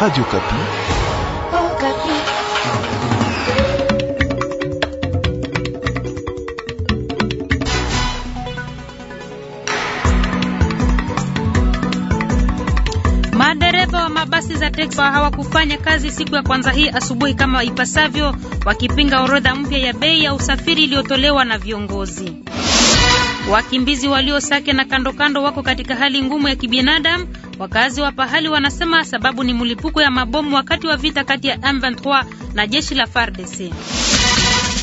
Radio Kapi. Oh, Kapi. Madereva wa mabasi za teksi hawakufanya kazi siku ya kwanza hii asubuhi kama ipasavyo wakipinga orodha mpya ya bei ya usafiri iliyotolewa na viongozi. Wakimbizi walio Sake na kando kando wako katika hali ngumu ya kibinadamu. Wakazi wa pahali wanasema sababu ni mlipuko ya mabomu wakati wa vita kati ya M23 na jeshi la FARDC.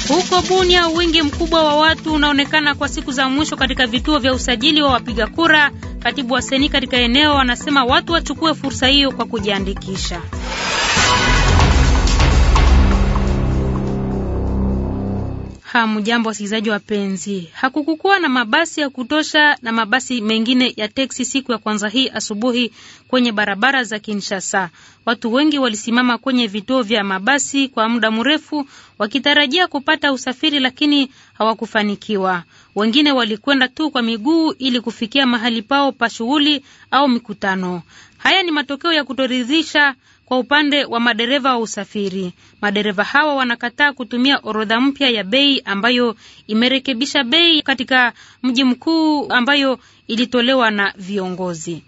Huko Bunia, wingi mkubwa wa watu unaonekana kwa siku za mwisho katika vituo vya usajili wa wapiga kura. Katibu wa seni katika eneo wanasema watu wachukue fursa hiyo kwa kujiandikisha. Hamjambo wasikilizaji wapenzi, hakukukuwa na mabasi ya kutosha na mabasi mengine ya teksi siku ya kwanza hii asubuhi kwenye barabara za Kinshasa. Watu wengi walisimama kwenye vituo vya mabasi kwa muda mrefu wakitarajia kupata usafiri, lakini hawakufanikiwa. Wengine walikwenda tu kwa miguu ili kufikia mahali pao pa shughuli au mikutano. Haya ni matokeo ya kutoridhisha kwa upande wa madereva wa usafiri, madereva hawa wanakataa kutumia orodha mpya ya bei ambayo imerekebisha bei katika mji mkuu ambayo ilitolewa na viongozi.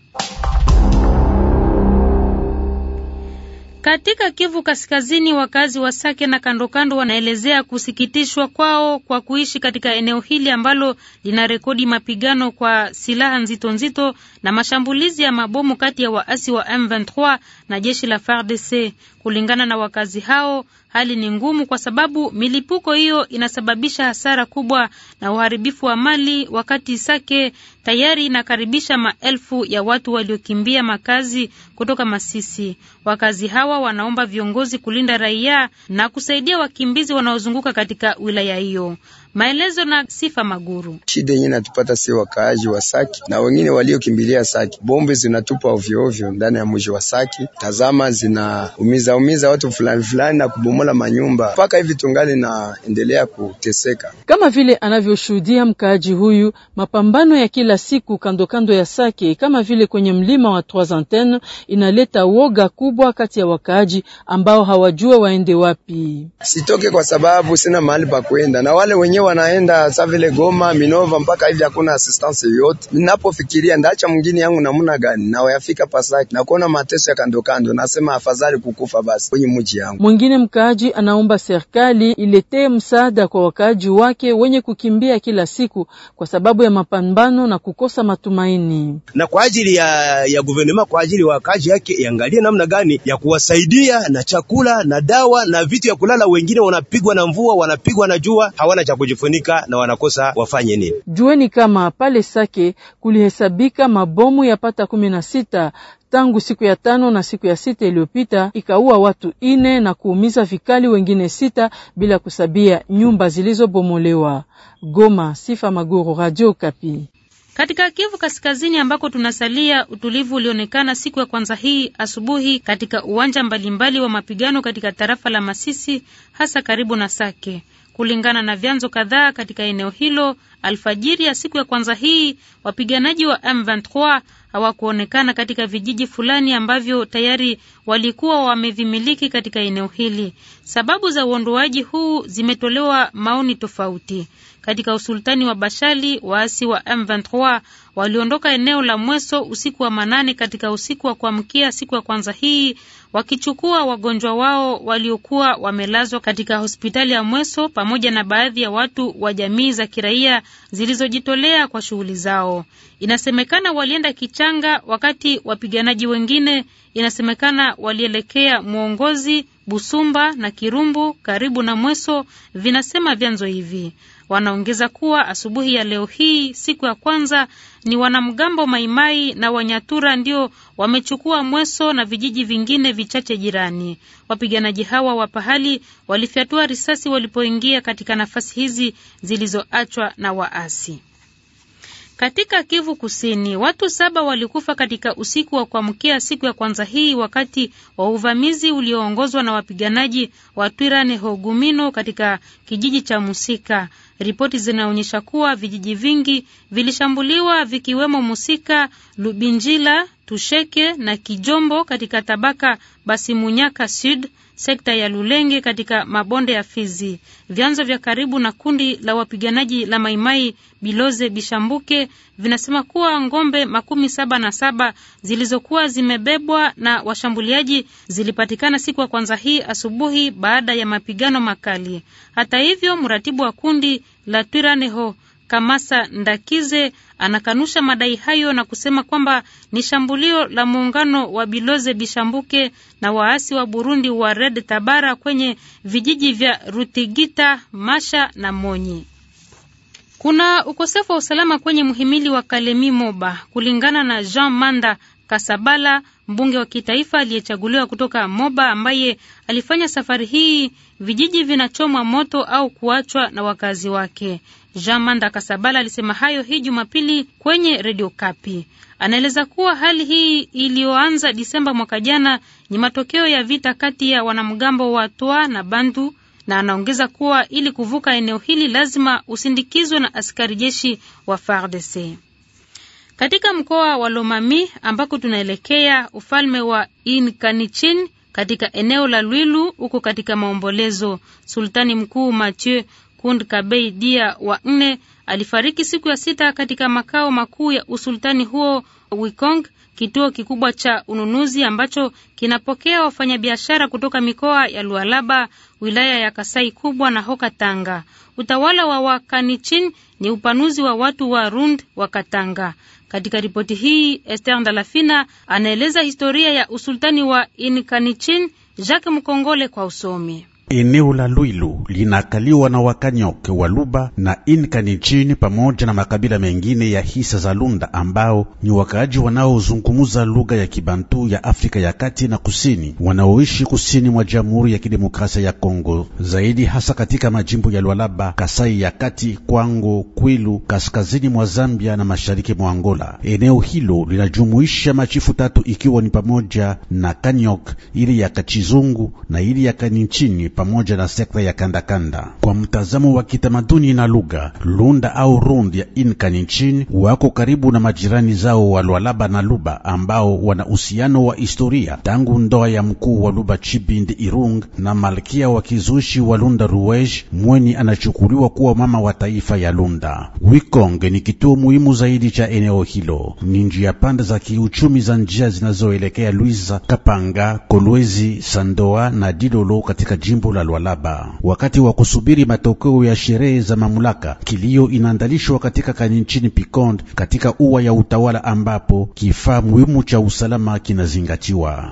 Katika Kivu Kaskazini, wakazi wa Sake na kandokando wanaelezea kusikitishwa kwao kwa kuishi katika eneo hili ambalo lina rekodi mapigano kwa silaha nzito nzito na mashambulizi ya mabomu kati ya waasi wa M23 na jeshi la FARDC. Kulingana na wakazi hao, hali ni ngumu kwa sababu milipuko hiyo inasababisha hasara kubwa na uharibifu wa mali, wakati Sake tayari inakaribisha maelfu ya watu waliokimbia makazi kutoka Masisi. Wakazi hawa wanaomba viongozi kulinda raia na kusaidia wakimbizi wanaozunguka katika wilaya hiyo. Maelezo na Sifa Maguru. Shida yenyewe natupata si wakaaji wa Saki na wengine waliokimbilia Saki. Bombe zinatupa ovyo ovyo ndani ya mji wa Saki, tazama zinaumiza umiza watu fulani fulani na kubomola manyumba. Mpaka hivi tungali naendelea kuteseka, kama vile anavyoshuhudia mkaaji huyu. Mapambano ya kila siku kando kando ya Saki, kama vile kwenye mlima wa Trois Antennes, inaleta woga kubwa kati ya wakaaji ambao hawajua waende wapi. Sitoke kwa sababu sina mahali pa kwenda na wale wenye wenyewe wanaenda sa vile Goma, Minova mpaka hivi hakuna assistance yoyote. Ninapofikiria ndaacha mwingine yangu namuna gani na wayafika Pasaki na kuona mateso ya kando kando, nasema afadhali kukufa basi kwenye mji yangu. Mwingine mkaaji anaomba serikali iletee msaada kwa wakaaji wake wenye kukimbia kila siku kwa sababu ya mapambano na kukosa matumaini, na kwa ajili ya, ya guvernema kwa ajili ya wakaaji yake iangalie namna gani ya kuwasaidia na chakula na dawa na vitu ya kulala. Wengine wanapigwa na mvua, wanapigwa na jua, hawana chakula kujifunika na wanakosa wafanye nini. Jueni kama pale Sake kulihesabika mabomu pata kumi na sita tangu siku ya tano na siku ya sita iliyopita ikaua watu ine na kuumiza vikali wengine sita bila kusabia nyumba zilizobomolewa. Goma, Sifa Maguru, Radio Kapi. Katika Kivu Kaskazini ambako tunasalia, utulivu ulionekana siku ya kwanza hii asubuhi katika uwanja mbalimbali wa mapigano katika tarafa la Masisi, hasa karibu na Sake. Kulingana na vyanzo kadhaa katika eneo hilo, alfajiri ya siku ya kwanza hii wapiganaji wa M23 hawakuonekana katika vijiji fulani ambavyo tayari walikuwa wamevimiliki katika eneo hili. Sababu za uondoaji huu zimetolewa maoni tofauti katika usultani wa Bashali, waasi wa M23 waliondoka eneo la Mweso usiku wa manane katika usiku wa kuamkia siku ya kwanza hii, wakichukua wagonjwa wao waliokuwa wamelazwa katika hospitali ya Mweso pamoja na baadhi ya watu wa jamii za kiraia zilizojitolea kwa shughuli zao. Inasemekana walienda Kichanga, wakati wapiganaji wengine inasemekana walielekea Mwongozi, Busumba na Kirumbu karibu na Mweso, vinasema vyanzo hivi. Wanaongeza kuwa asubuhi ya leo hii, siku ya kwanza, ni wanamgambo Maimai na Wanyatura ndio wamechukua Mweso na vijiji vingine vichache jirani. Wapiganaji hawa wa pahali walifyatua risasi walipoingia katika nafasi hizi zilizoachwa na waasi. Katika Kivu Kusini, watu saba walikufa katika usiku wa kuamkia siku ya kwanza hii wakati wa uvamizi ulioongozwa na wapiganaji wa Twirane Hogumino katika kijiji cha Musika. Ripoti zinaonyesha kuwa vijiji vingi vilishambuliwa vikiwemo Musika, Lubinjila, Tusheke na Kijombo katika tabaka Basimunyaka Sud sekta ya Lulenge katika mabonde ya Fizi. Vyanzo vya karibu na kundi la wapiganaji la Maimai Biloze Bishambuke vinasema kuwa ngombe makumi saba na saba zilizokuwa zimebebwa na washambuliaji zilipatikana siku ya kwanza hii asubuhi baada ya mapigano makali. Hata hivyo, mratibu wa kundi la Twiraneho Kamasa Ndakize anakanusha madai hayo na kusema kwamba ni shambulio la muungano wa Biloze Bishambuke na waasi wa Burundi wa Red Tabara kwenye vijiji vya Rutigita, Masha na monyi Kuna ukosefu wa usalama kwenye mhimili wa Kalemi Moba kulingana na Jean Manda Kasabala, mbunge wa kitaifa aliyechaguliwa kutoka Moba ambaye alifanya safari hii. Vijiji vinachomwa moto au kuachwa na wakazi wake. Jean Manda Kasabala alisema hayo hii Jumapili kwenye redio Kapi. Anaeleza kuwa hali hii iliyoanza Disemba mwaka jana ni matokeo ya vita kati ya wanamgambo wa Twa na Bandu, na anaongeza kuwa ili kuvuka eneo hili lazima usindikizwe na askari jeshi wa FARDC. Katika mkoa wa Lomami ambako tunaelekea ufalme wa Inkanichin katika eneo la Lwilu huko katika maombolezo, sultani mkuu Mathieu Kund Kabei Dia wa nne alifariki siku ya sita katika makao makuu ya usultani huo Wikong, kituo kikubwa cha ununuzi ambacho kinapokea wafanyabiashara kutoka mikoa ya Lualaba, wilaya ya Kasai kubwa na Hoka Tanga. Utawala wa Wakanichin ni upanuzi wa watu wa Rund wa Katanga. Katika ripoti hii Esther Ndalafina anaeleza historia ya usultani wa Inkanichin. Jacques Mkongole kwa usomi. Eneo la Lwilu linakaliwa na Wakanyoke, luba na Inkanicini pamoja na makabila mengine ya hisa za Lunda ambao ni wakaaji wanaozungumza lugha ya Kibantu ya Afrika ya Kati na Kusini, wanaoishi kusini mwa Jamhuri ya Kidemokrasia ya Kongo, zaidi hasa katika majimbo ya Lualaba, Kasai ya Kati, Kwango, Kwilu, kaskazini mwa Zambia na mashariki mwa Angola. Eneo hilo linajumuisha machifu tatu ikiwa ni pamoja na Kanyok, ili ya Kachizungu na ili ya kanichini pamoja na sekta ya kandakanda kanda. Kwa mtazamo wa kitamaduni na lugha, Lunda au Rund ya Inca nchini wako karibu na majirani zao wa Lwalaba na Luba ambao wana uhusiano wa historia tangu ndoa ya mkuu wa Luba Chibindi Irung na malkia wa kizushi wa Lunda Ruwej, mweni anachukuliwa kuwa mama wa taifa ya Lunda. Wikong ni kituo muhimu zaidi cha eneo hilo, ni njia panda za kiuchumi za njia zinazoelekea Luiza, Kapanga, Kolwezi, Sandoa na Dilolo katika jimbo la Lwalaba. Wakati wa kusubiri matokeo ya sherehe za mamlaka, kilio inaandalishwa katika kaninchini Pikonde, katika uwa ya utawala ambapo kifaa muhimu cha usalama kinazingatiwa.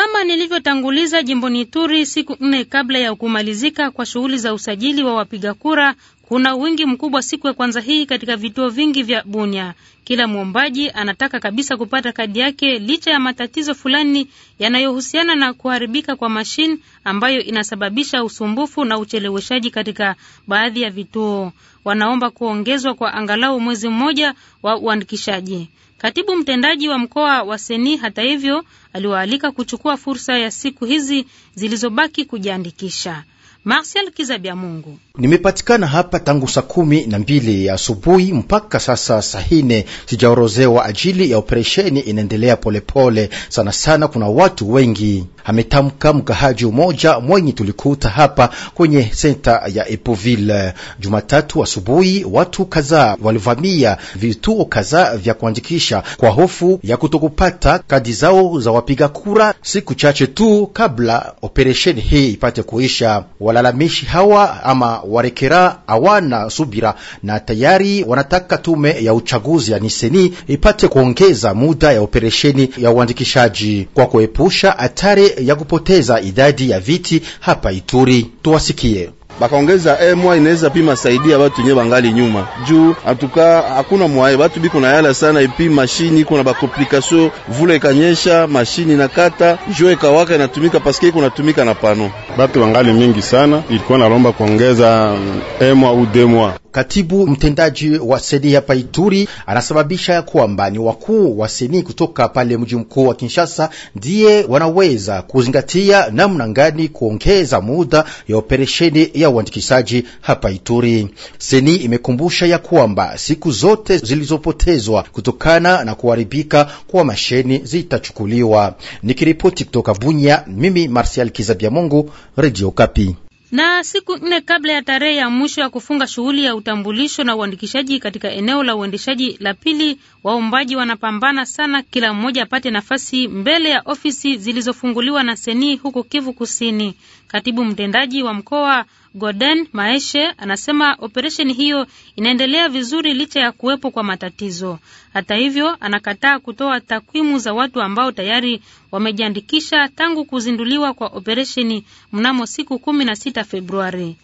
Kama nilivyotanguliza jimboni Ituri, siku nne kabla ya kumalizika kwa shughuli za usajili wa wapiga kura, kuna wingi mkubwa siku ya kwanza hii katika vituo vingi vya Bunia. Kila mwombaji anataka kabisa kupata kadi yake, licha ya matatizo fulani yanayohusiana na kuharibika kwa mashine ambayo inasababisha usumbufu na ucheleweshaji katika baadhi ya vituo. Wanaomba kuongezwa kwa angalau mwezi mmoja wa uandikishaji. Katibu mtendaji wa mkoa wa Seni, hata hivyo, aliwaalika kuchukua fursa ya siku hizi zilizobaki kujiandikisha. Marcel Kizabia Mungu. Nimepatikana hapa tangu saa kumi na mbili ya asubuhi mpaka sasa saa hine, sijaorozewa ajili ya operesheni inaendelea polepole sana sana, kuna watu wengi, ametamka mkahaji mmoja mwenye tulikuta hapa kwenye senta ya Epoville. Jumatatu asubuhi watu kadhaa walivamia vituo kadhaa vya kuandikisha kwa hofu ya kutokupata kadi zao za wapiga kura, siku chache tu kabla operesheni hii ipate kuisha walalamishi hawa ama warekera hawana subira na tayari wanataka tume ya uchaguzi ya niseni ipate kuongeza muda ya operesheni ya uandikishaji kwa kuepusha hatari ya kupoteza idadi ya viti hapa Ituri. Tuwasikie bakaongeza eh, mwa inaweza pima saidia watu wenyewe bangali nyuma juu atuka hakuna mwae watu biko na yala sana ipi mashini iko na bakomplikasio vule ikanyesha mashini na kata jo ikawaka inatumika paske iko natumika na pano batu bangali mingi sana ilikuwa nalomba kuongeza emwa eh, udemwa Katibu mtendaji wa seni hapa Ituri anasababisha ya kwamba ni wakuu wa seni kutoka pale mji mkuu wa Kinshasa ndiye wanaweza kuzingatia namna gani kuongeza muda ya operesheni ya uandikishaji hapa Ituri. Seni imekumbusha ya kwamba siku zote zilizopotezwa kutokana na kuharibika kwa masheni zitachukuliwa. Nikiripoti kutoka Bunya, mimi Marsial Kizabiamungu, Radio Kapi. Na siku nne kabla ya tarehe ya mwisho ya kufunga shughuli ya utambulisho na uandikishaji katika eneo la uendeshaji la pili, waombaji wanapambana sana, kila mmoja apate nafasi mbele ya ofisi zilizofunguliwa na Seni huko Kivu Kusini. Katibu mtendaji wa mkoa Gordon Maeshe anasema operesheni hiyo inaendelea vizuri licha ya kuwepo kwa matatizo. Hata hivyo, anakataa kutoa takwimu za watu ambao tayari wamejiandikisha tangu kuzinduliwa kwa operesheni mnamo siku kumi na Februari.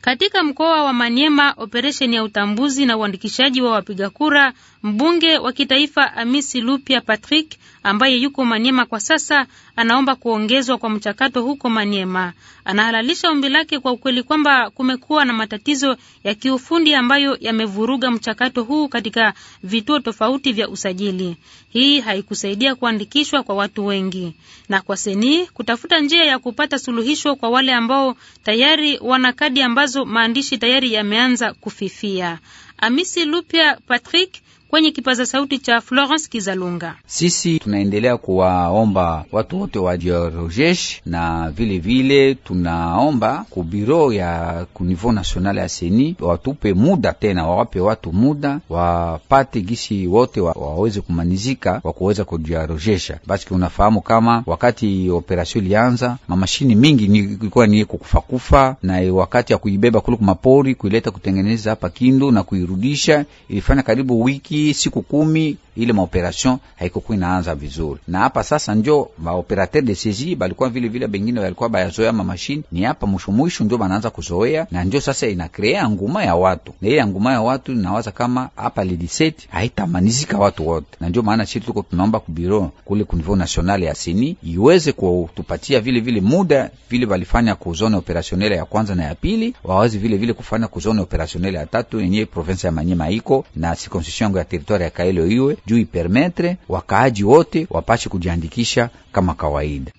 Katika mkoa wa Manyema, operesheni ya utambuzi na uandikishaji wa wapiga kura, mbunge wa kitaifa Amisi Lupia Patrick ambaye yuko Maniema kwa sasa anaomba kuongezwa kwa mchakato huko Maniema. Anahalalisha ombi lake kwa ukweli kwamba kumekuwa na matatizo ya kiufundi ambayo yamevuruga mchakato huu katika vituo tofauti vya usajili. Hii haikusaidia kuandikishwa kwa watu wengi, na kwa seni kutafuta njia ya kupata suluhisho kwa wale ambao tayari wana kadi ambazo maandishi tayari yameanza kufifia. Amisi Lupia Patrick kwenye kipaza sauti cha Florence Kizalunga. Sisi tunaendelea kuwaomba watu wote wajiorejeshe na vile vile tunaomba ku biro ya kunivou national ya seni watupe muda tena, wawape watu muda wapate gisi wote wa, waweze kumanizika wa kuweza kujiorejesha. Basi unafahamu kama wakati operasyon ilianza mamashini mingi ilikuwa ni kukufakufa, na wakati ya kuibeba kule kumapori kuileta kutengeneza hapa Kindu na kuirudisha ilifanya karibu wiki hii siku kumi ile maoperation haikokuwa inaanza vizuri, na hapa sasa njo maoperateur de saisie balikuwa vile vile bengine walikuwa bayazoea ma mashine, ni hapa mshumwishu njo banaanza kuzoea, na njo sasa inakrea nguma ya watu, na ile nguma ya watu inawaza kama hapa lidiseti haitamanizika watu wote, na njo maana sisi tuko tunaomba ku bureau kule ku niveau national ya sini iweze kutupatia vile vile muda vile walifanya ku zone opérationnelle ya kwanza na ya pili, wawazi vile vile kufanya ku zone opérationnelle ya tatu yenye province ya Manyema iko na circonscription yangu ya territoire ya Kaelo iwe juu ipermetre wakaaji wote wapashe kujiandikisha kama kawaida.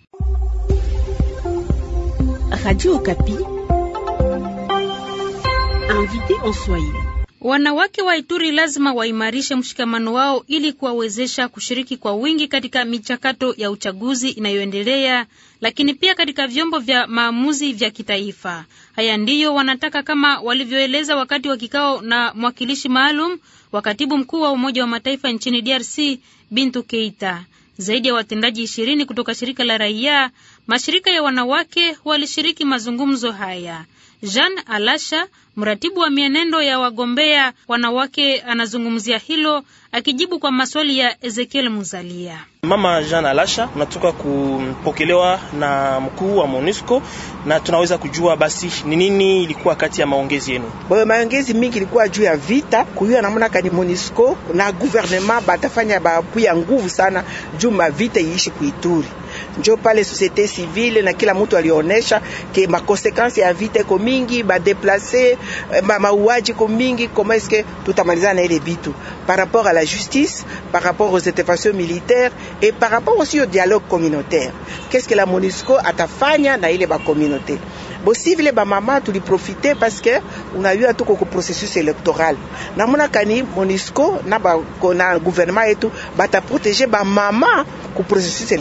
Radio Okapi invité en Swahili Wanawake wa Ituri lazima waimarishe mshikamano wao ili kuwawezesha kushiriki kwa wingi katika michakato ya uchaguzi inayoendelea, lakini pia katika vyombo vya maamuzi vya kitaifa. Haya ndiyo wanataka, kama walivyoeleza wakati wa kikao na mwakilishi maalum wa katibu mkuu wa Umoja wa Mataifa nchini DRC Bintu Keita. Zaidi ya watendaji ishirini kutoka shirika la raia, mashirika ya wanawake walishiriki mazungumzo haya. Jean Alasha, mratibu wa mienendo ya wagombea wanawake, anazungumzia hilo akijibu kwa maswali ya Ezekiel Muzalia. Mama Jean Alasha, unatoka kupokelewa na mkuu wa MONUSCO na tunaweza kujua basi ni nini ilikuwa kati ya maongezi yenu? Bayo maongezi mingi ilikuwa juu ya vita kuyua namna kani MONUSCO na guvernema batafanya bapu ya nguvu sana juu mavita iishi kuituri Je njo pale societe civile na kila mtu alionesha ke makonsekansi ya vita iko mingi, ma mauaji ko mingi. que eh, eske tutamalizana na ile bitu par rapport à la justice, par rapport aux interventions militaires et par rapport aussi au dialogue communautaire. Qu'est-ce que la MONUSCO atafanya na ile ba communauté bosi vile bamama tuliprofite paske unajua tuko ku processus electoral namonakani MONUSCO na, ba, na gouvernement yetu bataprotege bamama ku processus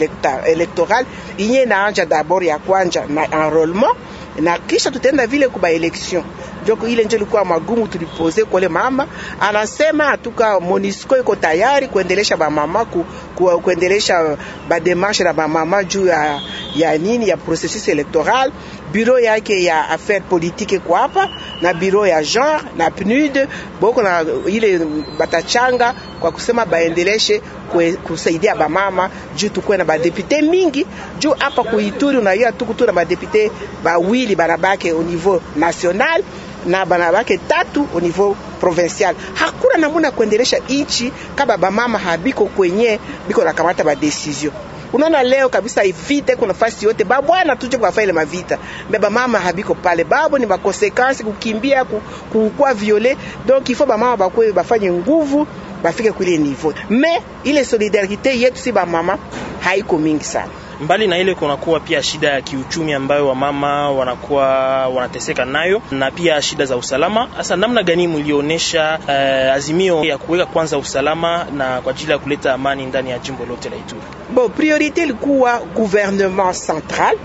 electoral inye naanja dabord ya kwanja na enrolement na kisha tutaenda vile kuba election joko ile nje ilikuwa magumu tulipoze kule. Mama anasema atuka MONUSCO iko tayari kuendelesha ba mama ku, ku, kuendelesha ba demarche na ba mama juu ya, ya nini ya processus electoral biro yake ya affaire politike kwa hapa na biro ya genre na PNUD boko na ile batachanga kwa kusema baendeleshe kusaidia bamama juu tukuwe na badepute mingi juu hapa kuituri, tuku tu na badepute bawili banabake au niveau national na banabake tatu au niveau provincial. Hakuna namuna kuendelesha inchi kaba bamama habiko kwenye biko nakamata badesizio Unaona leo kabisa ivite kuna fasi yote babwana tuje kwa faile mavita baba mama habiko pale babo ni bakonsekansi kukimbia kukua viole donc il faut ba mama bakwe bafanye nguvu bafike kule niveau. Me ile solidarité yetu si ba mama haiko mingi sana. Mbali na ile kunakuwa pia shida ya kiuchumi ambayo wamama wanakuwa wanateseka nayo na pia shida za usalama. Hasa namna gani mlionesha uh, eh, azimio ya kuweka kwanza usalama na kwa ajili ya kuleta amani ndani ya jimbo lote la Ituri? Bo, priorite ilikuwa gouvernement central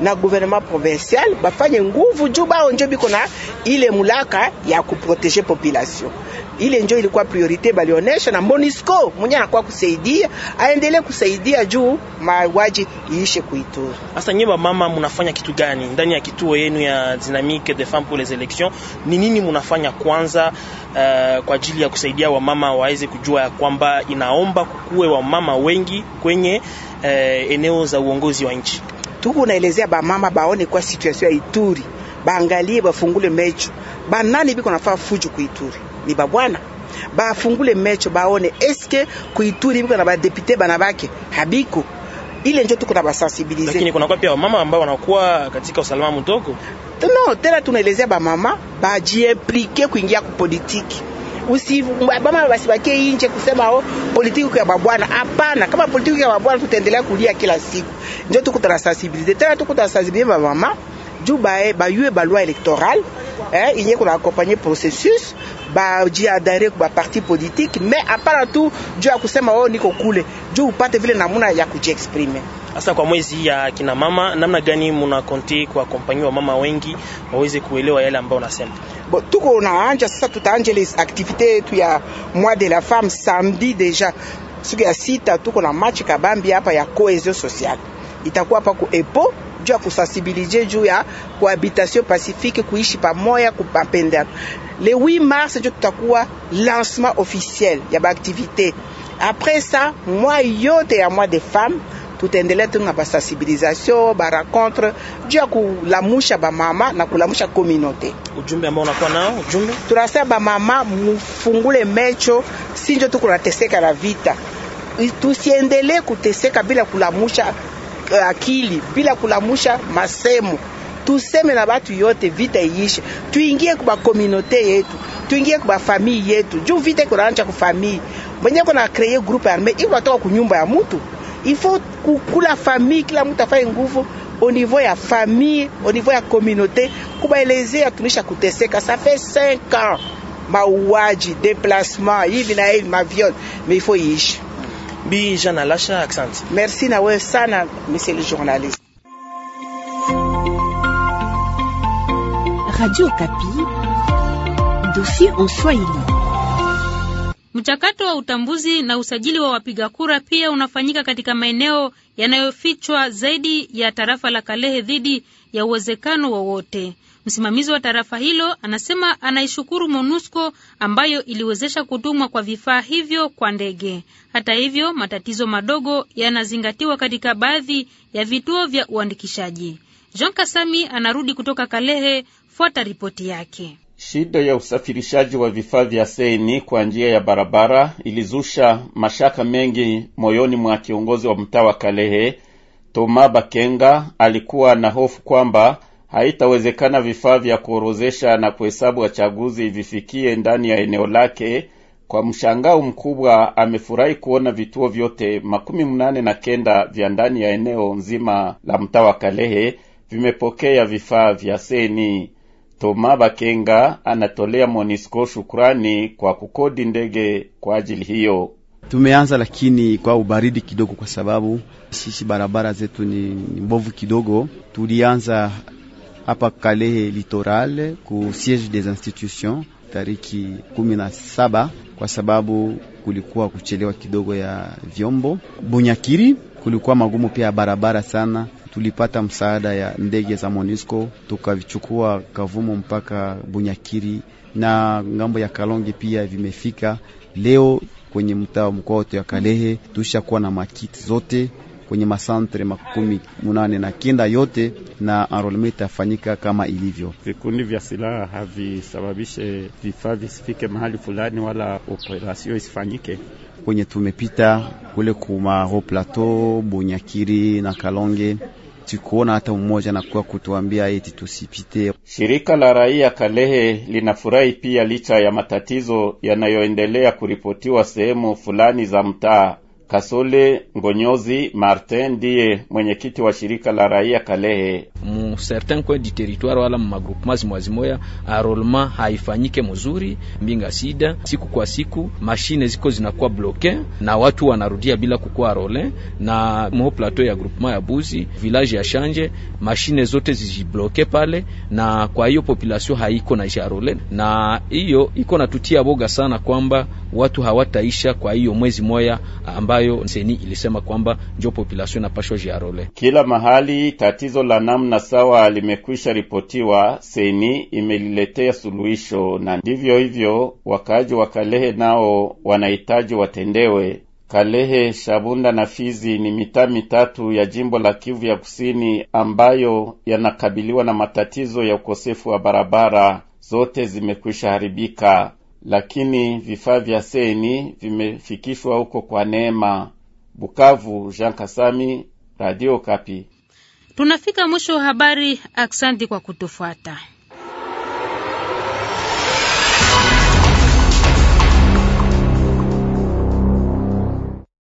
na gouvernement provincial bafanye nguvu juu bao njo biko na ile mulaka ya kuproteger population ile njo ilikuwa priorite balionesha, na Monisco mwenye anakuwa kusaidia aendelee kusaidia juu mauaji iishe kuituri Sasa nyinyi mama mnafanya kitu gani ndani ya kituo yenu ya Dynamique des Femmes pour les Elections? Ni nini mnafanya kwanza, uh, kwa ajili ya kusaidia wamama waweze kujua ya kwamba inaomba kukuwe wamama wengi kwenye uh, eneo za uongozi wa nchi? Tuko naelezea bamama baone kwa situation ya Ituri, baangalie bafungule mecho banani biko nafaa fuju kuituri ni babwana bafungule mecho baone eske kuituri biko na badepute bana bake habiko ile njo tuko na basensibilize, lakini kunakuwa pia wamama ambao wanakuwa katika usalama mutoko. No, tena tunaelezea bamama bajiimplike kuingia ku politiki usi bamama basibakie inje kusema o oh, politiki ya babwana. Hapana, kama politiki ya babwana tutaendelea kulia kila siku. Njo tuko na sensibilize tena, tuko na sensibilize bamama juu bae bayue balwa elektorale eh, iye kuna accompagner processus bajia adaire kwa parti politique mais apana tu juu ya kusema wao niko kule juu upate vile namuna ya kujiexprime. Sasa kwa mwezi ya kina mama, namna gani muna konti kwa kompanyi wa mama wengi waweze kuelewa yale ambayo unasema? Bo, tuko naanja sasa, tutaanja les activité yetu ya mois de la femme samedi deja siku ya sita, tuko na match kabambi hapa ya cohesion sociale itakuwa hapa ku epo juu ya kusensibilize juu ya cohabitation pacifique, kuishi pamoja, kupendana. Le 8 mars ndio tutakuwa lancement officiel ya baaktivite. Après ça mwa yote ya mwa de femme tutaendelea tena basensibilisation barencontre juu ya kulamusha bamama na kulamusha communauté. Ujumbe ambao unakuwa nao ujumbe, tunasema bamama mufungule mecho, si njo tukunateseka na vita, tusiendelee kuteseka bila kulamusha Eh, akili, bila kulamusha masemo. Tuseme na batu yote, vita iishe, tuingie kuba komunote yetu, tuingie kuba famii yetu, juu vita ikonaanja kufamii mwenye kona kreye grupe arme iko natoka kunyumba ya mutu ifo kukula famii, kila mtu afanye nguvu au niveau ya famille, au niveau ya communauté, kubaelezea tunisha kuteseka. Ça fait 5 ans mauaji, déplacement hivi na hivi, maviol, mais il faut iishi Bi Jana Alasha, asante. Merci na wewe sana monsieur le journaliste. Radio Kapi, dossier en Swahili. Mchakato wa utambuzi na usajili wa wapiga kura pia unafanyika katika maeneo yanayofichwa zaidi ya tarafa la Kalehe dhidi ya uwezekano wowote. Msimamizi wa tarafa hilo anasema anaishukuru MONUSCO ambayo iliwezesha kutumwa kwa vifaa hivyo kwa ndege. Hata hivyo, matatizo madogo yanazingatiwa katika baadhi ya vituo vya uandikishaji. Jean Kasami anarudi kutoka Kalehe. Fuata ripoti yake. Shida ya usafirishaji wa vifaa vya seni kwa njia ya barabara ilizusha mashaka mengi moyoni mwa kiongozi wa mtaa wa Kalehe, Toma Bakenga. Alikuwa na hofu kwamba haitawezekana vifaa vya kuorozesha na kuhesabu wachaguzi vifikie ndani ya eneo lake. Kwa mshangao mkubwa amefurahi kuona vituo vyote makumi mnane na kenda vya ndani ya eneo nzima la mtaa wa Kalehe vimepokea vifaa vya seni. Toma Bakenga anatolea Monisco shukrani kwa kukodi ndege kwa ajili hiyo. Tumeanza lakini kwa ubaridi kidogo, kwa sababu sisi barabara zetu ni, ni mbovu kidogo. Tulianza hapa Kalehe Litoral ku siege des institutions tariki kumi na saba kwa sababu kulikuwa kuchelewa kidogo ya vyombo. Bunyakiri kulikuwa magumu pia ya barabara sana. Tulipata msaada ya ndege za MONUSCO tukavichukua Kavumu mpaka Bunyakiri na ngambo ya Kalonge pia vimefika leo kwenye mtaa mkoa wote wa Kalehe. Tushakuwa na makiti zote kwenye masantre makumi munane na kenda yote, na enrolme itafanyika kama ilivyo. Vikundi vya silaha havisababishe vifaa visifike mahali fulani, wala operasio isifanyike kwenye tumepita kule kumaro plateau Bunyakiri na Kalonge tikuona hata mmoja nakuwa kutuambia eti tusipite. Shirika la raia Kalehe linafurahi pia licha ya matatizo yanayoendelea kuripotiwa sehemu fulani za mtaa. Kasole Ngonyozi Martin ndiye mwenyekiti wa shirika la raia Kalehe. mu certain coin du territoire wala mu magroupement moya arolema haifanyike mzuri, mbinga sida siku kwa siku mashine ziko zinakuwa bloke na watu wanarudia bila kukuwa role, na mo plateau ya groupement ya Buzi village ya Shanje mashine zote zijibloke pale, na kwa hiyo population haiko isha role, na hiyo iko natutia boga sana kwamba watu hawataisha kwa hiyo mwezi moya amba ambayo seni ilisema kwamba ndio population inapashwa jiarole kila mahali. Tatizo la namna sawa limekwisha ripotiwa, seni imeliletea suluhisho, na ndivyo hivyo wakaaji wa Kalehe nao wanahitaji watendewe. Kalehe, Shabunda na Fizi ni mitaa mitatu ya jimbo la Kivu ya Kusini ambayo yanakabiliwa na matatizo ya ukosefu wa barabara, zote zimekwisha haribika lakini vifaa vya seni vimefikishwa huko kwa neema. Bukavu, Jean Kasami, Radio Kapi. Tunafika mwisho wa habari. Aksanti kwa kutufuata.